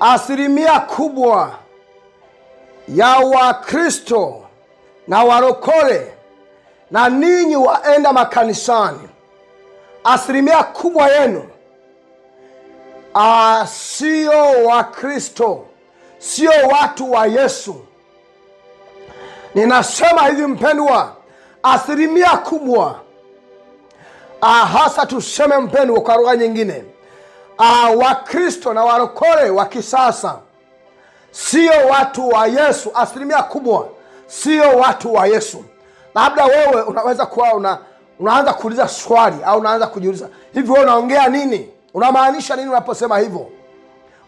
Asilimia kubwa ya Wakristo na warokole na ninyi waenda makanisani, asilimia kubwa yenu ah, sio Wakristo, sio watu wa Yesu. Ninasema hivi mpendwa, asilimia kubwa ah, hasa tuseme mpendwa, kwa lugha nyingine uh, Wakristo na warokole wa kisasa sio watu wa Yesu, asilimia kubwa sio watu wa Yesu. Labda wewe unaweza kuwa una, unaanza kuuliza swali au unaanza kujiuliza hivi, wewe unaongea nini? Unamaanisha nini unaposema hivyo?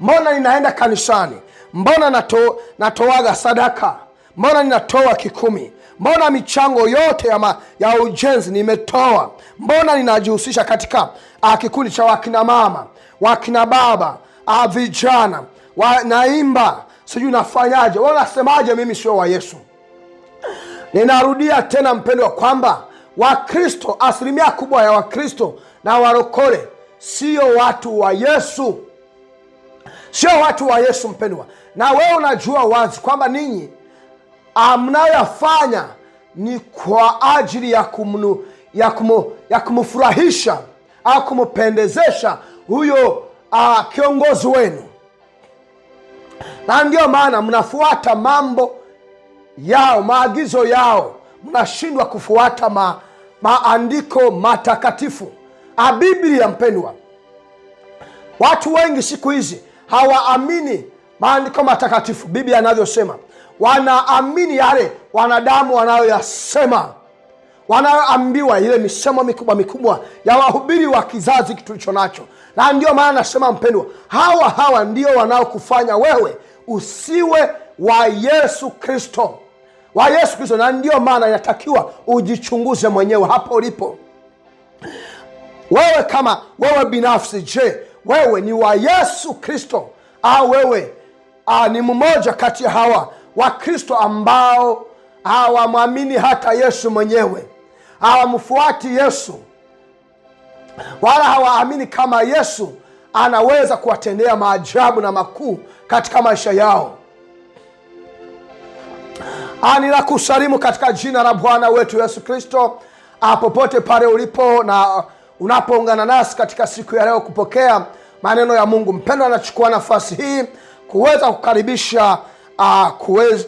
Mbona ninaenda kanisani? Mbona nato, natoaga sadaka? Mbona ninatoa kikumi? Mbona michango yote ya, ma, ya ujenzi nimetoa? Mbona ninajihusisha katika ah, kikundi cha wakinamama? wakina baba vijana wanaimba, sijui nafanyaje, we nasemaje, mimi sio wa Yesu. Ninarudia tena mpendwa, kwamba Wakristo, asilimia kubwa ya Wakristo na warokole sio watu wa Yesu, sio watu wa Yesu mpendwa. Na wewe unajua wazi kwamba ninyi mnayoyafanya ni kwa ajili ya kumnu, ya kumfurahisha au kumpendezesha huyo uh, kiongozi wenu, na ndiyo maana mnafuata mambo yao, maagizo yao, mnashindwa kufuata ma, maandiko matakatifu a ah, Biblia. Mpendwa, watu wengi siku hizi hawaamini maandiko matakatifu Biblia anavyosema, wanaamini yale wanadamu wanayoyasema wanayoambiwa ile misemo mikubwa mikubwa ya wahubiri wa kizazi tulicho nacho. Na ndio maana nasema mpendwa, hawa hawa ndio wanaokufanya wewe usiwe wa Yesu Kristo, wa Yesu Kristo. Na ndio maana inatakiwa ujichunguze mwenyewe hapo ulipo wewe, kama wewe binafsi. Je, wewe ni wa Yesu Kristo au wewe a, ni mmoja kati ya hawa Wakristo ambao hawamwamini hata Yesu mwenyewe? hawamfuati Yesu wala hawaamini kama Yesu anaweza kuwatendea maajabu na makuu katika maisha yao. kusalimu katika jina la Bwana wetu Yesu Kristo, ah, popote pale ulipo na unapoungana nasi katika siku ya leo kupokea maneno ya Mungu. Mpendwa, anachukua nafasi hii kuweza kukaribisha ah,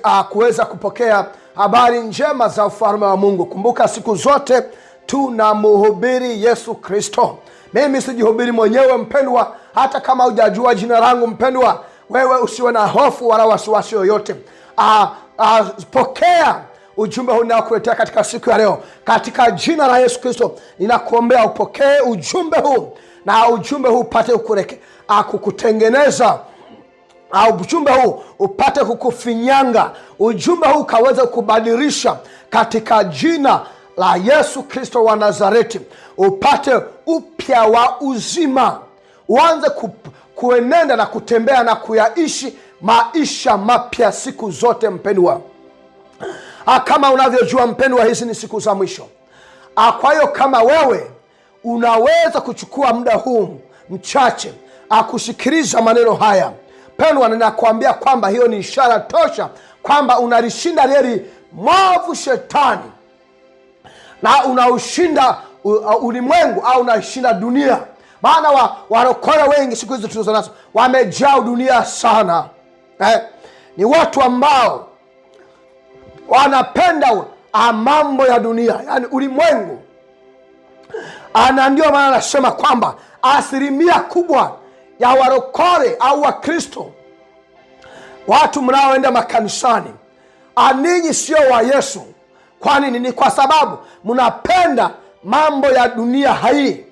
ah, kuweza kupokea habari njema za ufalme wa Mungu. Kumbuka siku zote tunamhubiri Yesu Kristo. Mimi sijihubiri mwenyewe mpendwa, hata kama hujajua jina langu mpendwa, wewe usiwe na hofu wala wasiwasi yoyote. Ah, ah, pokea ujumbe huu ninaokuletea katika siku ya leo, katika jina la Yesu Kristo ninakuombea upokee ujumbe huu, na ujumbe huu upate ukureke akukutengeneza ah, au ujumbe huu upate kukufinyanga, ujumbe huu ukaweza kubadilisha katika jina la Yesu Kristo wa Nazareti, upate upya wa uzima, uanze ku, kuenenda na kutembea na kuyaishi maisha mapya siku zote mpendwa. Ah, kama unavyojua mpendwa, hizi ni siku za mwisho. Ah, kwa hiyo kama wewe unaweza kuchukua muda huu mchache akusikiliza ah, maneno haya Mpendwa, ninakuambia kwamba hiyo ni ishara tosha kwamba unalishinda leli mwovu Shetani na unaushinda uh, ulimwengu au unashinda dunia. Maana wa warokole wengi siku hizi tulizo nazo wamejaa dunia sana eh? Ni watu ambao wanapenda mambo ya dunia, yani ulimwengu. Ana ah, ndio maana anasema kwamba asilimia kubwa ya warokore au Wakristo, watu mnaoenda makanisani, aninyi ah, sio wa Yesu. Kwani ni kwa sababu mnapenda mambo ya dunia hii.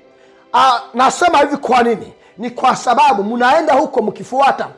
A, ah, nasema hivi kwa nini? Ni kwa sababu mnaenda huko mkifuata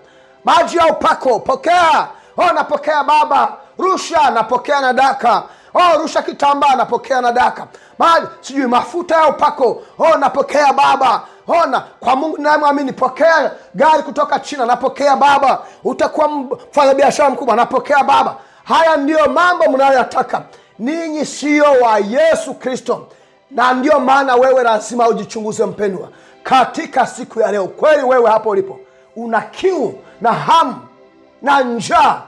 maji ya upako, pokea o oh, napokea baba, rusha, napokea na daka o, oh, rusha kitambaa, napokea na daka bali sijui mafuta ya upako. Oh, napokea Baba. Ona, oh, kwa Mungu namwamini pokea gari kutoka China, napokea Baba. Utakuwa mfanya biashara mkubwa, napokea Baba. Haya ndiyo mambo mnayoyataka ninyi, sio wa Yesu Kristo, na ndiyo maana wewe lazima ujichunguze, mpendwa, katika siku ya leo. Kweli wewe hapo ulipo una kiu na hamu na njaa,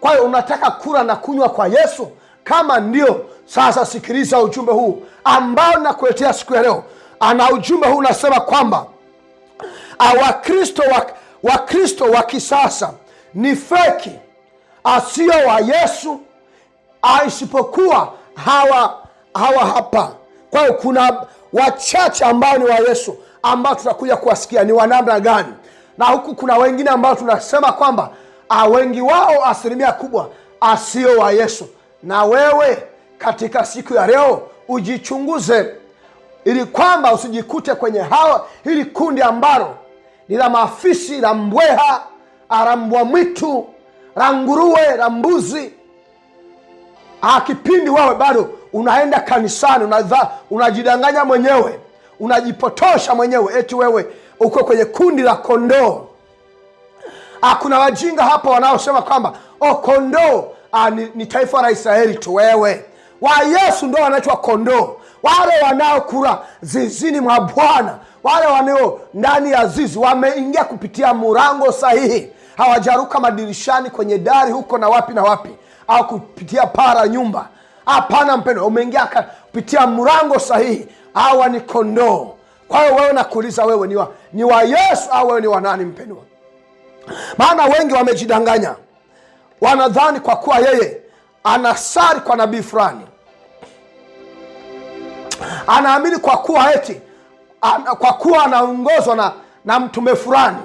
kwa hiyo unataka kula na kunywa kwa Yesu? Kama ndio sasa sikiliza ujumbe huu ambao nakuletea siku ya leo, ana ujumbe huu unasema kwamba ah, Wakristo Wakristo wa kisasa ni feki asio wa Yesu, ah, isipokuwa hawa hawa hapa. Kwa hiyo kuna wachache ambao ni wa Yesu ambao tutakuja kuwasikia ni wa namna gani, na huku kuna wengine ambao tunasema kwamba ah, wengi wao asilimia kubwa asio wa Yesu. Na wewe katika siku ya leo ujichunguze, ili kwamba usijikute kwenye hawa hili kundi ambalo ni la maafisi la mbweha, arambwa mwitu, la nguruwe, la mbuzi, akipindi ah, wewe bado unaenda kanisani, unadha, unajidanganya mwenyewe, unajipotosha mwenyewe, eti wewe uko kwenye kundi la kondoo. Ah, kuna wajinga hapa wanaosema kwamba o oh, kondoo ah, ni, ni taifa la Israeli tu. Wewe wa Yesu ndo wanaitwa kondoo, wale wanaokula zizini mwa Bwana, wale wanao ndani ya zizi, wameingia kupitia murango sahihi, hawajaruka madirishani kwenye dari huko na wapi na wapi, au kupitia para nyumba. Hapana mpendo, umeingia kupitia mrango sahihi. Hawa ni kondoo. Kwa hiyo wewe nakuuliza, wewe ni wa, ni wa Yesu au wewe ni wa nani mpendwa? Maana wengi wamejidanganya, wanadhani kwa kuwa yeye anasari kwa nabii fulani, anaamini kwa kuwa eti ana, kwa kuwa anaongozwa na, na mtume fulani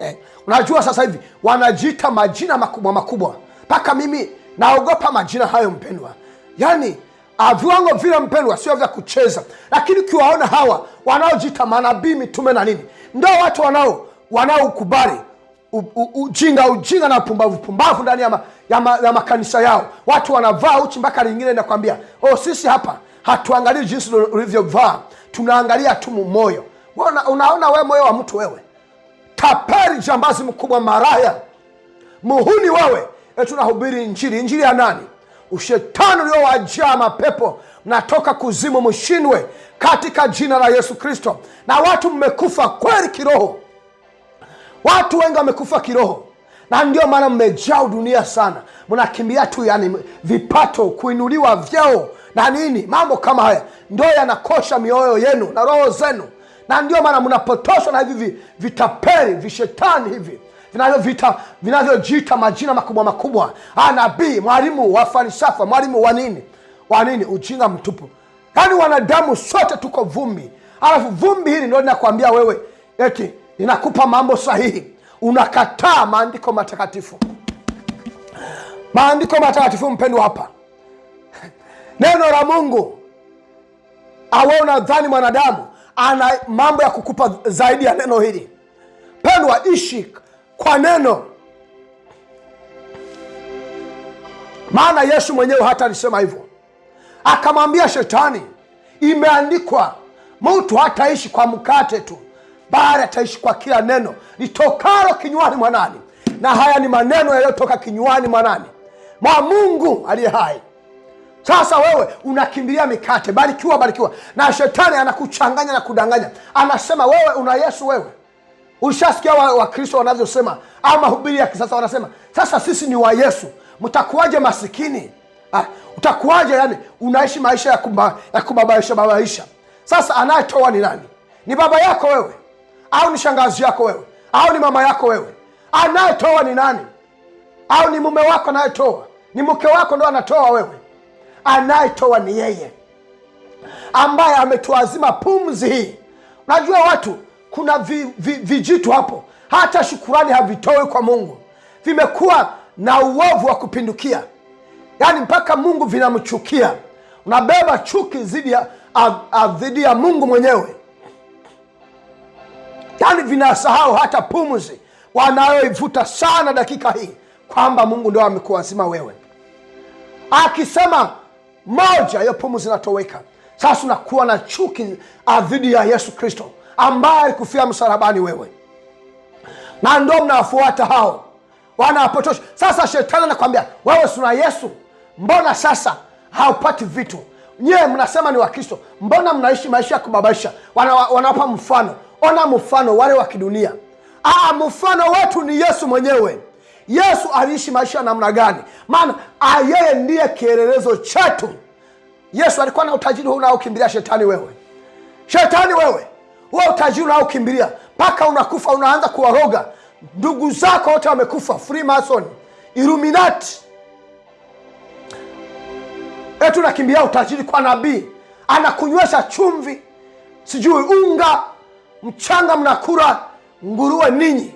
eh. Unajua sasa hivi wanajiita majina makubwa makubwa, mpaka mimi naogopa majina hayo mpendwa, yani viwango vile mpendwa, sio vya kucheza. Lakini ukiwaona hawa wanaojiita manabii, mitume na nini, ndo watu wanao wanaokubali ujinga ujinga na pumbavu pumbavu ndani ya ya, ma, ya makanisa yao. Watu wanavaa uchi mpaka lingine, nakwambia oh, sisi hapa hatuangalii jinsi ulivyovaa, tunaangalia tu moyo. unaona we moyo wa mtu wewe, tapeli, jambazi mkubwa, maraya, muhuni wewe. E, tunahubiri injili. Injili ya nani? Ushetani uliowajaa mapepo natoka kuzimu, mshindwe katika jina la Yesu Kristo. Na watu mmekufa kweli kiroho, watu wengi wamekufa kiroho na ndio maana mmejaa dunia sana, mnakimbilia tu yani vipato, kuinuliwa vyeo na nini, mambo kama haya ndio yanakosha mioyo yenu na roho zenu, na ndio maana mnapotoshwa na hivi vitaperi vishetani hivi vinavyojiita vinavyo majina makubwa makubwa, nabii, mwalimu wa falsafa, mwalimu wa nini wa nini, ujinga mtupu. Yaani wanadamu sote tuko vumbi, alafu vumbi hili ndio linakuambia wewe eti linakupa mambo sahihi unakataa maandiko matakatifu. Maandiko matakatifu mpendwa, hapa neno la Mungu awe, unadhani mwanadamu ana mambo ya kukupa zaidi ya neno hili? Pendwa, ishi kwa neno, maana Yesu mwenyewe hata alisema hivyo, akamwambia Shetani, imeandikwa mtu hataishi kwa mkate tu bali ataishi kwa kila neno litokalo kinywani mwanani Na haya ni maneno yaliyotoka kinywani mwanani Mwa Mungu aliye hai. Sasa wewe unakimbilia mikate, barikiwa, barikiwa, na shetani anakuchanganya na kudanganya, anasema wewe una Yesu. Wewe ulishasikia Wakristo wa wanavyosema, au mahubiri ya kisasa wanasema, sasa sisi ni wa Yesu. Mtakuwaje masikini? Ah, utakuwaje? Yani unaishi maisha ya kubabaisha babaisha. Sasa anayetoa ni nani? Ni baba yako wewe au ni shangazi yako wewe, au ni mama yako wewe? Anayetoa ni nani? Au ni mume wako anayetoa? Ni mke wako ndo anatoa wewe? Anayetoa ni yeye ambaye ametuazima pumzi hii. Unajua watu, kuna vi, vi, vijitu hapo, hata shukurani havitoi kwa Mungu, vimekuwa na uovu wa kupindukia, yaani mpaka Mungu vinamchukia. Unabeba chuki dhidi ya Mungu mwenyewe yani vinasahau hata pumzi wanayoivuta sana dakika hii, kwamba Mungu ndio amekuwazima wewe. Akisema moja, hiyo pumzi zinatoweka. Sasa unakuwa na chuki ah, dhidi ya Yesu Kristo ambaye alikufia msalabani wewe, na ndo mnawafuata hao, wanawapotosha. Sasa shetani anakwambia wewe, suna Yesu, mbona sasa haupati vitu? Nyewe mnasema ni Wakristo, mbona mnaishi maisha ya kubabaisha? Wanawapa mfano ona mfano wale wa kidunia. Ah, mfano wetu ni Yesu mwenyewe. Yesu aliishi maisha namna gani? Maana yeye ndiye kielelezo chetu. Yesu alikuwa na utajiri huu unaokimbilia shetani wewe, shetani wewe, huo utajiri unaokimbilia mpaka unakufa, unaanza kuwaroga ndugu zako wote wamekufa, Freemason, Illuminati, eti unakimbia utajiri kwa nabii, anakunywesha chumvi, sijui unga mchanga mnakula nguruwe ninyi,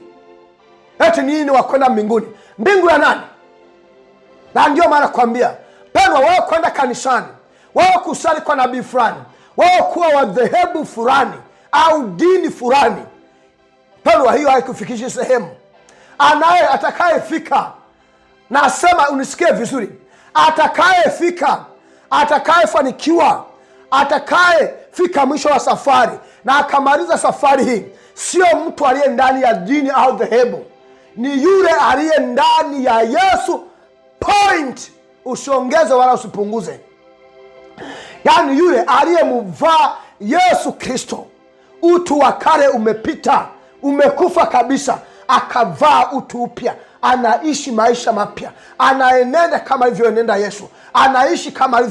eti ninyi ni wakwenda mbinguni? Mbingu ya nani? Na ndio maana kuambia pendwa, wao kwenda kanisani, wao kusali kwa nabii fulani, wao kuwa wadhehebu fulani au dini fulani, pendwa, hiyo haikufikishi sehemu. Anaye atakayefika, nasema unisikie vizuri, atakayefika, atakayefanikiwa, atakayefika mwisho wa safari na akamaliza safari hii. Sio mtu aliye ndani ya dini au dhehebu, ni yule aliye ndani ya Yesu. Point, usiongeze wala usipunguze. Yaani yule aliyemvaa Yesu Kristo, utu wa kale umepita, umekufa kabisa, akavaa utu upya anaishi maisha mapya, anaenenda kama alivyoenenda Yesu, anaishi kama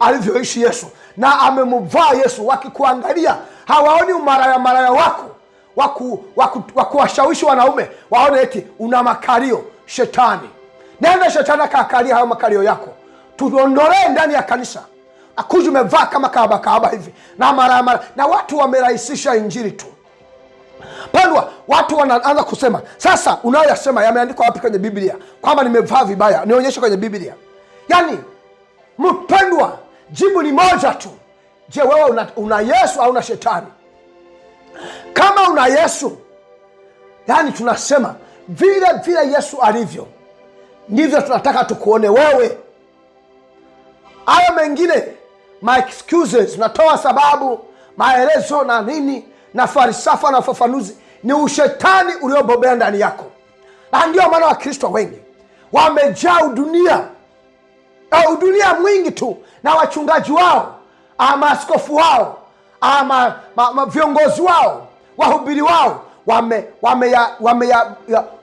alivyoishi Yesu, na amemvaa Yesu. Wakikuangalia hawaoni umaraya maraya wako waku kuwashawishi wanaume waone eti una makario. Shetani, nenda shetani akaakalia hayo makario yako, tuondolee ndani ya kanisa. Akuja umevaa kama kabakaba hivi na maraya mara, na watu wamerahisisha injili tu Pandwa, watu wanaanza kusema sasa, unayoyasema yameandikwa wapi kwenye Biblia kwamba nimevaa vibaya? Nionyeshe kwenye Biblia. Yani mpendwa, jibu ni moja tu. Je, wewe una, una Yesu au una shetani? Kama una Yesu, yani tunasema vile vile Yesu alivyo ndivyo tunataka tukuone wewe. Hayo mengine my excuses, sababu, maelezo na nini na falsafa na ufafanuzi ni ushetani uliobobea ndani yako, na ndio maana Wakristo wengi wamejaa udunia, udunia mwingi tu na wachungaji wao askofu wao ama, ma, ma, viongozi wao wahubiri wao wameyakubali wame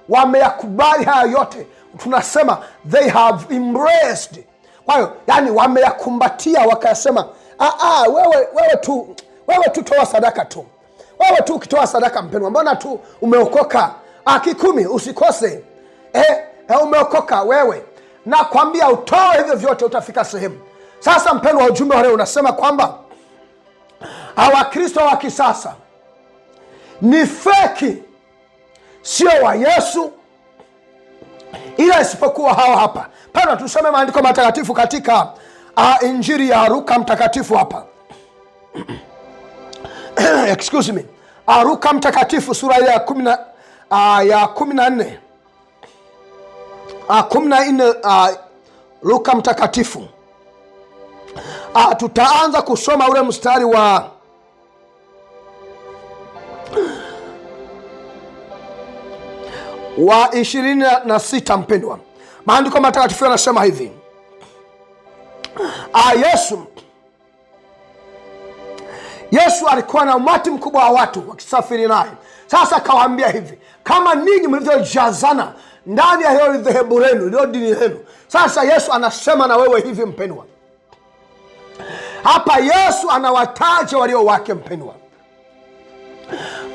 wame wame haya yote, tunasema they have embraced. Kwa hiyo yani wameyakumbatia, wakasema ah, ah, wewe, wewe tu wewe tu toa sadaka tu, wewe tu ukitoa sadaka, mpendwa, mbona tu umeokoka ah, kikumi, usikose eh, eh, umeokoka wewe, nakwambia utoe hivyo vyote, utafika sehemu sasa mpendo wa ujumbe wa leo unasema kwamba Wakristo wa kisasa ni feki, sio wa Yesu, ila isipokuwa hawa hapa pana. Tusome maandiko matakatifu katika uh, injili ya Luka mtakatifu hapa excuse me, Luka mtakatifu sura ya kumi na uh, ya kumi na nne uh, kumi na nne uh, Luka mtakatifu A, ah, tutaanza kusoma ule mstari wa wa ishirini na sita. Mpendwa, maandiko matakatifu yanasema hivi a, ah, Yesu Yesu alikuwa na umati mkubwa wa watu wakisafiri naye. Sasa akawaambia hivi, kama ninyi mlivyojazana ndani ya hiyo dhehebu lenu, hilo dini lenu. Sasa Yesu anasema na wewe hivi mpendwa hapa Yesu anawataja walio wake, mpendwa.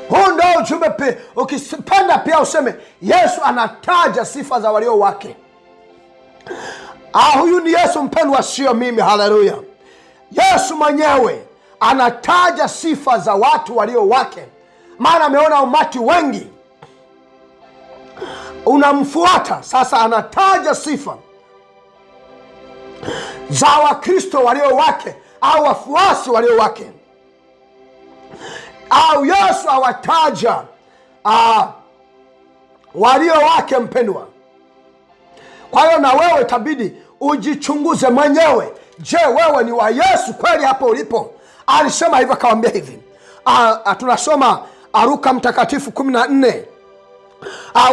Huu ndo ujumbe pe, ukipenda pia useme Yesu anataja sifa za walio wake. Ah, huyu ni Yesu mpendwa, sio mimi. Haleluya! Yesu mwenyewe anataja sifa za watu walio wake, maana ameona umati wengi unamfuata. Sasa anataja sifa za Wakristo walio wake au wafuasi walio wake, au Yesu awataja uh, walio wake mpendwa. Kwa hiyo na wewe itabidi ujichunguze mwenyewe. Je, wewe ni wa Yesu kweli hapo ulipo? Alisema hivyo, akawambia hivi a, ah, ah, tunasoma aruka Mtakatifu kumi na nne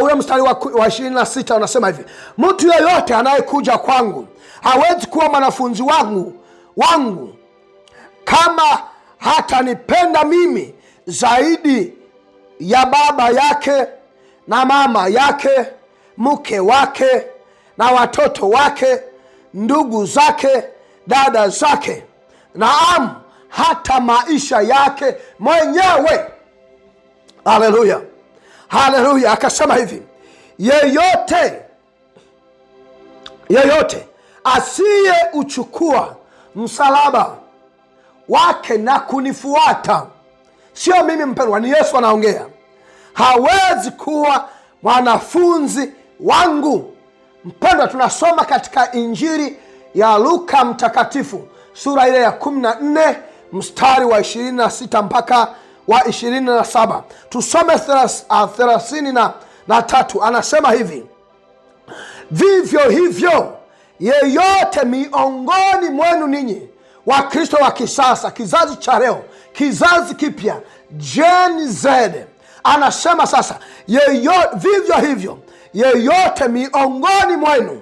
ule mstari wa ishirini na sita unasema hivi, mtu yoyote anayekuja kwangu hawezi kuwa mwanafunzi wangu wangu kama hatanipenda mimi zaidi ya baba yake na mama yake, mke wake na watoto wake, ndugu zake, dada zake, naam, hata maisha yake mwenyewe. Haleluya, haleluya. Akasema hivi, yeyote yeyote asiyeuchukua msalaba wake na kunifuata. Sio mimi mpendwa, ni Yesu anaongea. Hawezi kuwa mwanafunzi wangu. Mpendwa, tunasoma katika Injili ya Luka Mtakatifu sura ile ya 14 mstari wa 26 mpaka wa 27, tusome 33. Ah, Anasema hivi: vivyo hivyo yeyote miongoni mwenu ninyi Wakristo wa kisasa, kizazi cha leo, kizazi kipya, Gen Z anasema sasa, yeyo, vivyo hivyo yeyote miongoni mwenu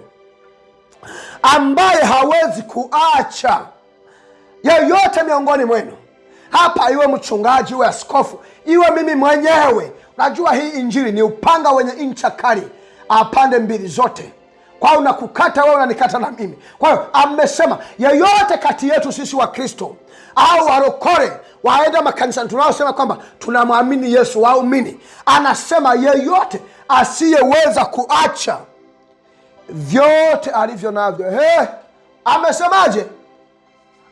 ambaye hawezi kuacha, yeyote miongoni mwenu hapa, iwe mchungaji, iwe askofu, iwe mimi mwenyewe. Unajua hii injili ni upanga wenye ncha kali, apande mbili zote kwa unakukata wewe, unanikata na mimi. Kwa hiyo amesema yeyote kati yetu sisi wa Kristo au warokore waenda makanisa tunaosema kwamba tunamwamini Yesu, waumini, anasema yeyote asiyeweza kuacha vyote alivyo navyo. amesemaje?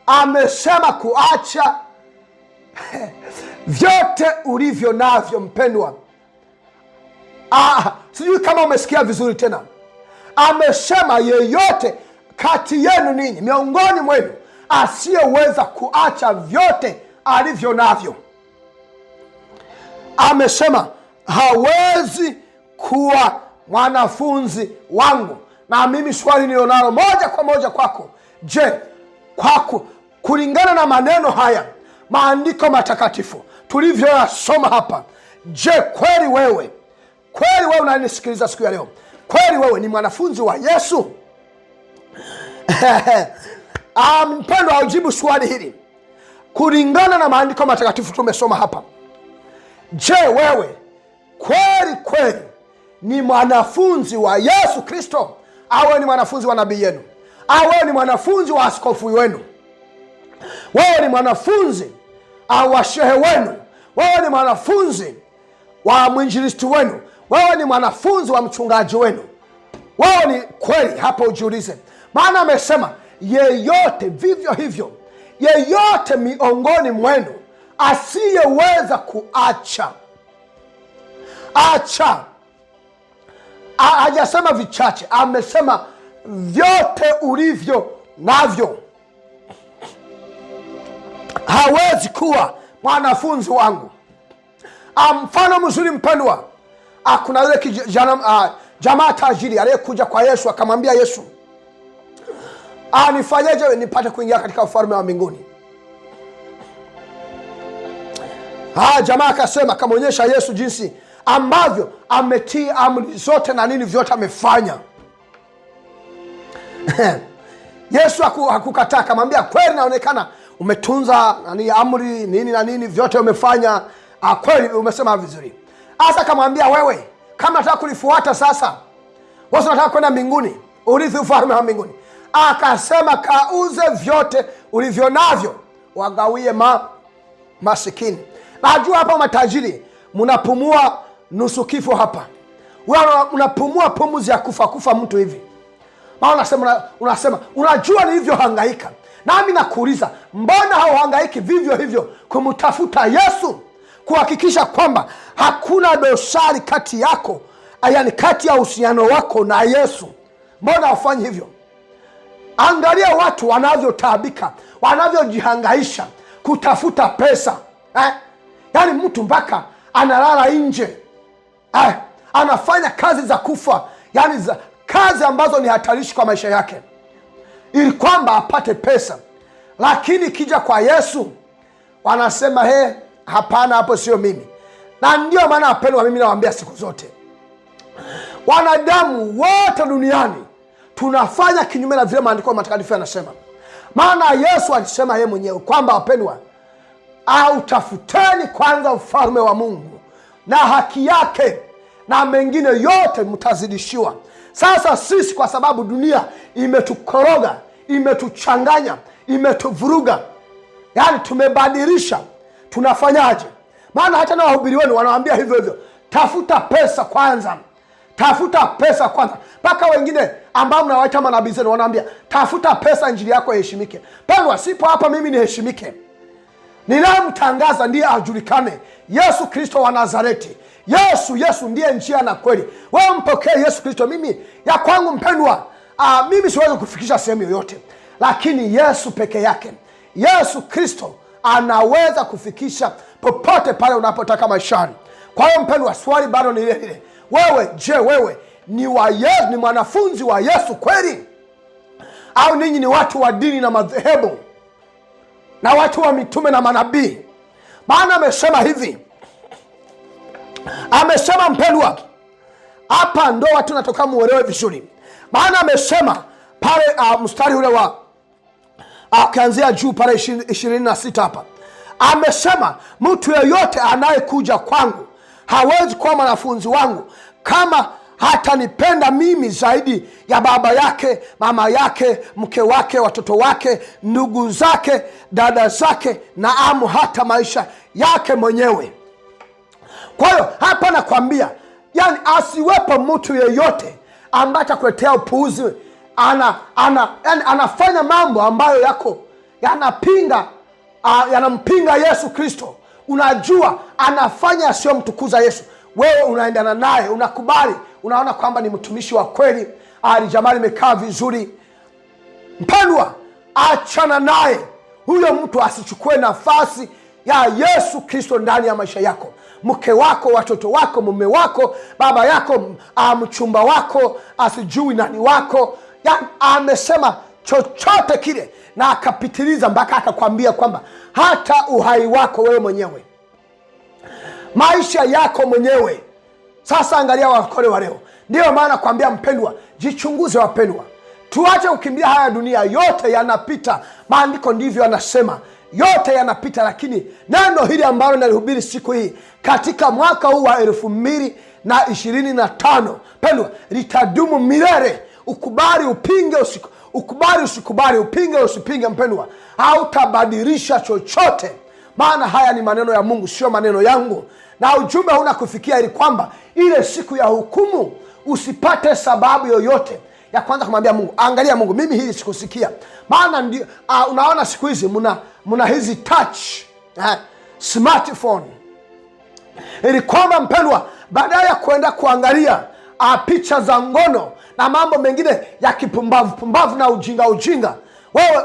Amesema kuacha vyote ulivyo navyo, mpendwa. Ah, sijui kama umesikia vizuri tena amesema yeyote kati yenu ninyi miongoni mwenu asiyeweza kuacha vyote alivyo navyo, amesema hawezi kuwa mwanafunzi wangu. Na mimi swali nilionalo moja kwa moja kwako, je, kwako kulingana na maneno haya maandiko matakatifu tulivyoyasoma hapa, je, kweli wewe kweli wewe unanisikiliza siku ya leo kweli wewe ni mwanafunzi wa Yesu? Um, Mpendo aujibu swali hili kulingana na maandiko matakatifu tumesoma hapa. Je, wewe kweli kweli ni mwanafunzi wa Yesu Kristo, au wewe ni mwanafunzi wa nabii yenu, au wewe ni mwanafunzi wa askofu wenu, wewe ni mwanafunzi uh, wa shehe wenu, wewe ni mwanafunzi wa mwinjilisti wenu, wewe ni mwanafunzi wa mchungaji wenu. Wewe ni kweli hapo, ujiulize, maana amesema yeyote, vivyo hivyo yeyote miongoni mwenu asiyeweza kuacha acha. Hajasema vichache, amesema vyote ulivyo navyo. Hawezi kuwa mwanafunzi wangu. Ah, mfano mzuri mpendwa ah, kuna yule kijana ah, jamaa tajiri aliyekuja kwa Yesu akamwambia Yesu, ah, nifanyeje nipate kuingia katika ufalme wa mbinguni? Ah, jamaa akasema, akamwonyesha Yesu jinsi ambavyo ametii amri zote na nini vyote amefanya. Yesu hakukataa haku, akamwambia kweli, naonekana umetunza nani amri nini na nini vyote umefanya, ah, kweli umesema vizuri Hasa akamwambia wewe, kama nataka kulifuata sasa, wasi nataka kwenda mbinguni, urithi ufalme wa mbinguni. Akasema, kauze vyote ulivyo navyo, wagawie ma masikini. Najua hapa matajiri mnapumua nusu kifo hapa, unapumua pumzi ya kufa kufa mtu hivi, maa unasema, unasema unajua nilivyohangaika. Nami nakuuliza, mbona hauhangaiki vivyo hivyo kumtafuta Yesu? kuhakikisha kwamba hakuna dosari kati yako, yani kati ya uhusiano wako na Yesu. Mbona hawafanyi hivyo? Angalia watu wanavyotaabika, wanavyojihangaisha kutafuta pesa eh? Yani mtu mpaka analala nje eh? Anafanya kazi za kufa, yani za kazi ambazo ni hatarishi kwa maisha yake, ili kwamba apate pesa. Lakini kija kwa Yesu wanasema he Hapana, hapo sio mimi. Na ndio maana wapendwa, mimi nawaambia siku zote, wanadamu wote duniani tunafanya kinyume na vile maandiko matakatifu yanasema. Maana Yesu alisema yeye mwenyewe kwamba, wapendwa, autafuteni kwanza ufalme wa Mungu na haki yake, na mengine yote mtazidishiwa. Sasa sisi kwa sababu dunia imetukoroga, imetuchanganya, imetuvuruga, yani tumebadilisha tunafanyaje? Maana hata na wahubiri wenu wanawaambia hivyo hivyo, tafuta pesa kwanza, tafuta pesa kwanza. Mpaka wengine ambao mnawaita manabii zenu wanaambia tafuta pesa, injili yako iheshimike. Pendwa, sipo hapa mimi niheshimike, ninayemtangaza ndiye ajulikane, Yesu Kristo wa Nazareti. Yesu, Yesu ndiye njia na kweli. Wewe mpokee Yesu Kristo. Mimi ya kwangu mpendwa, ah, mimi siwezi kufikisha sehemu yoyote, lakini Yesu peke yake, Yesu Kristo anaweza kufikisha popote pale unapotaka maishani. Kwa hiyo mpendwa, swali bado ni lile Wewe je, wewe ni wa Yesu, ni mwanafunzi wa Yesu kweli, au ninyi ni watu wa dini na madhehebu na watu wa mitume na manabii? Maana amesema hivi, amesema mpendwa, hapa ndo watu natoka muelewe vizuri, maana amesema pale uh, mstari ule wa akianzia juu pale ishirini na sita hapa amesema, mtu yeyote anayekuja kwangu hawezi kuwa mwanafunzi wangu kama hatanipenda mimi zaidi ya baba yake, mama yake, mke wake, watoto wake, ndugu zake, dada zake, na amu hata maisha yake mwenyewe. Kwa hiyo hapa nakwambia, yani asiwepo mtu yeyote ambaye atakuletea upuuzi ana, ana, yani anafanya mambo ambayo yako yanapinga ah, yanampinga Yesu Kristo. Unajua anafanya asiyomtukuza Yesu, wewe unaendana naye, unakubali, unaona kwamba ni mtumishi wa kweli, ali jamaa limekaa vizuri. Mpendwa, achana naye huyo mtu, asichukue nafasi ya Yesu Kristo ndani ya maisha yako, mke wako, watoto wako, mume wako, baba yako, ah, mchumba wako, asijui nani wako yani amesema chochote kile, na akapitiliza mpaka akakwambia kwamba hata uhai wako wewe mwenyewe, maisha yako mwenyewe. Sasa angalia wakole wa leo. Ndiyo maana kwambia mpendwa, jichunguze wapendwa, tuache kukimbia haya dunia, yote yanapita. Maandiko ndivyo anasema yote yanapita, lakini neno hili ambalo nalihubiri siku hii katika mwaka huu wa elfu mbili na ishirini na tano pendwa, litadumu milele ukubali upinge usiku, ukubali usikubali, upinge usipinge, mpendwa, hautabadilisha chochote, maana haya ni maneno ya Mungu, sio maneno yangu, na ujumbe huna kufikia, ili kwamba ile siku ya hukumu usipate sababu yoyote ya kwanza kumwambia Mungu, angalia Mungu, mimi hili sikusikia. Maana ndio uh, ah, unaona siku hizi mna mna hizi touch uh, smartphone, ili kwamba mpendwa, baadaye ya kuenda kuangalia uh, picha za ngono na mambo mengine ya kipumbavu pumbavu na ujinga ujinga, wewe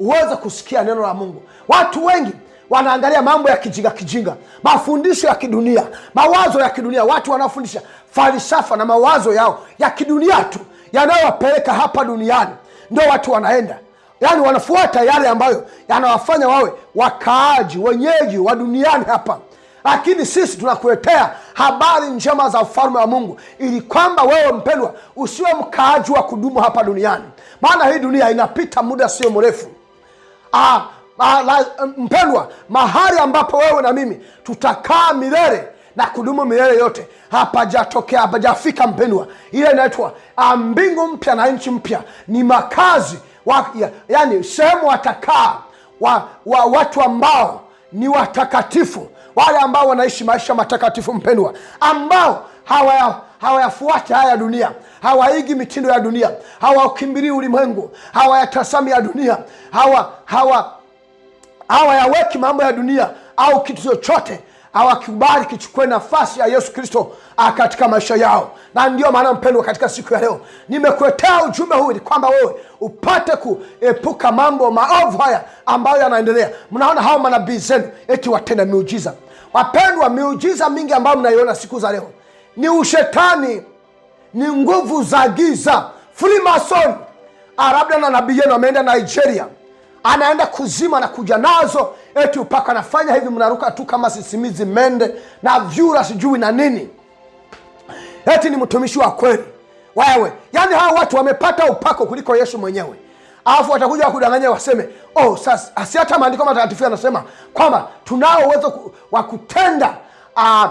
uweze kusikia neno la Mungu. Watu wengi wanaangalia mambo ya kijinga kijinga, mafundisho ya kidunia, mawazo ya kidunia. Watu wanaofundisha falsafa na mawazo yao ya kidunia tu yanayowapeleka hapa duniani, ndio watu wanaenda yani, wanafuata yale ambayo yanawafanya wawe wakaaji wenyeji wa duniani hapa lakini sisi tunakuletea habari njema za ufalme wa Mungu, ili kwamba wewe mpendwa usiwe mkaaji wa kudumu hapa duniani, maana hii dunia inapita muda sio mrefu. Ah, ah, mpendwa, mahali ambapo wewe na mimi tutakaa milele na kudumu milele yote hapajatokea, hapajafika mpendwa. Ile inaitwa ah, mbingu mpya na nchi mpya, ni makazi wa, ya, yani sehemu watakaa wa, wa, watu ambao ni watakatifu wale ambao wanaishi maisha matakatifu, mpendwa, ambao hawaya hawayafuati haya ya dunia, hawaigi mitindo ya dunia, hawakimbilii ulimwengu, hawayatasami ya dunia, hawa hawa hawayaweki mambo ya dunia au kitu chochote hawakubali kichukue nafasi ya Yesu Kristo ah, katika maisha yao. Na ndiyo maana mpendwa, katika siku ya leo nimekuetea ujumbe huu, ni kwamba wewe upate kuepuka mambo maovu haya ambayo yanaendelea. Mnaona hao manabii zenu eti watenda miujiza Wapendwa, miujiza mingi ambayo mnaiona siku za leo ni ushetani, ni nguvu za giza, Freemason. Ah, labda na nabii yenu ameenda Nigeria, anaenda kuzima na kuja nazo eti upaka anafanya hivi, mnaruka tu kama sisimizi mende na vyura sijui na nini, eti ni mtumishi wa kweli. Wewe yani hawa watu wamepata upako kuliko Yesu mwenyewe alafu watakuja wakudanganya waseme oh, sasa asiata maandiko matakatifu yanasema kwamba tunao uwezo wa kutenda uh,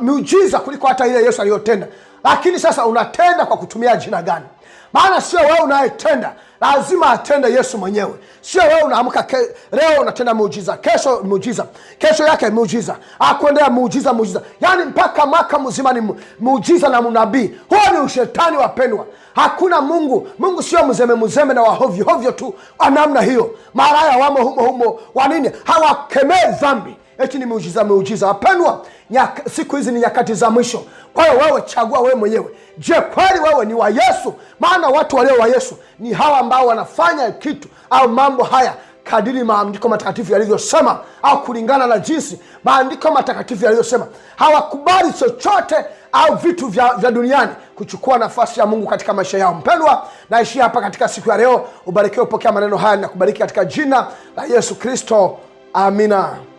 miujiza kuliko hata ile Yesu aliyotenda, lakini sasa unatenda kwa kutumia jina gani? maana sio wewe unayetenda, lazima atende Yesu mwenyewe. Sio wewe unaamka leo unatenda muujiza, kesho muujiza, kesho yake muujiza, akuendea muujiza, muujiza, yaani mpaka mwaka mzima ni muujiza na mnabii. Huo ni ushetani, wapendwa. Hakuna Mungu. Mungu sio mzeme mzeme na wahovyohovyo tu wa namna hiyo, maraya wamo humo humo. Wa nini? hawakemee dhambi Eti ni miujiza miujiza? Hapendwa, siku hizi ni nyakati za mwisho. Kwa hiyo wewe chagua wewe mwenyewe. Je, kweli wewe ni wa Yesu? Maana watu walio wa Yesu ni hawa ambao wanafanya kitu au mambo haya kadiri maandiko matakatifu yalivyosema au kulingana na jinsi maandiko matakatifu yalivyosema. Hawakubali chochote au vitu vya, vya duniani kuchukua nafasi ya Mungu katika maisha yao. Mpendwa, naishia hapa katika siku ya leo. Ubarikiwe, upokea maneno haya na kubariki katika jina la Yesu Kristo, amina.